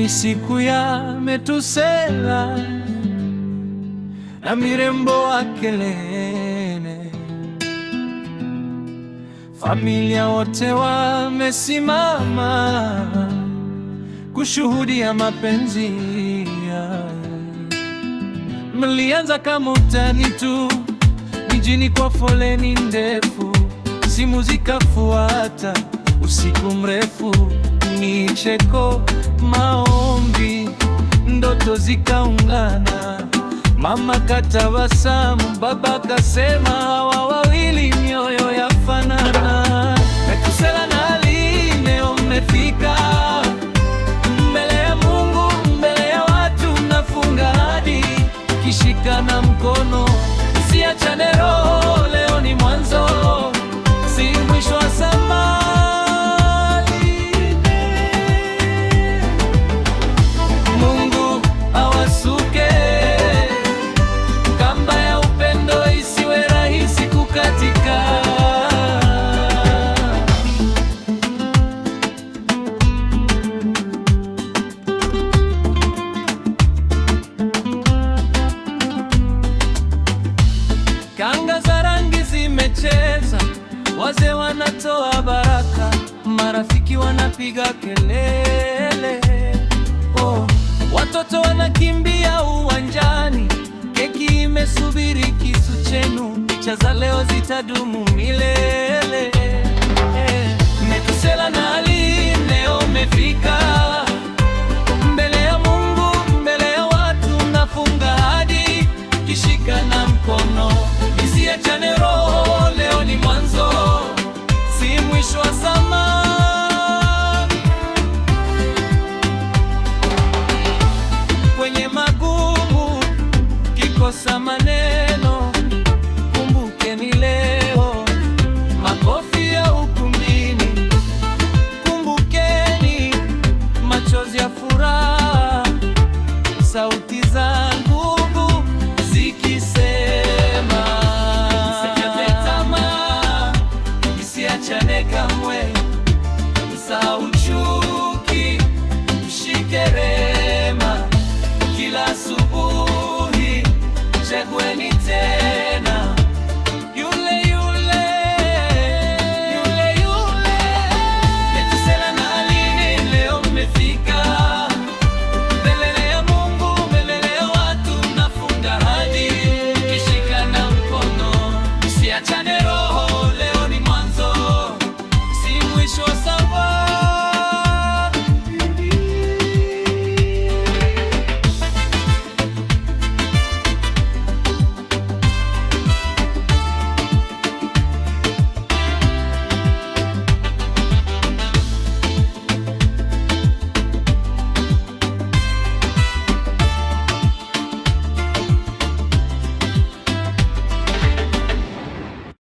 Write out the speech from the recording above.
ni siku ya Metusela na mirembo wa kelene, familia wote wamesimama kushuhudia mapenzi. Mlianza kama utani tu mijini kwa foleni ndefu, simu zikafuata, usiku mrefu, ni mao nazo zikaungana. Mama katabasamu, baba kasema, hawa wawili mioyo yafanana. Metusela na Alineo mmefika mbele ya Mungu, mbele ya watu, mnafunga hadi kishikana mkono, msiachane. Wazee wanatoa baraka, marafiki wanapiga kelele, oh. Watoto wanakimbia uwanjani, keki imesubiri kisu chenu, cha za leo zitadumu milele, eh, Metusela na Ali, leo mefika mbele ya Mungu, mbele ya watu, nafunga hadi kishika na mkono summer deixou só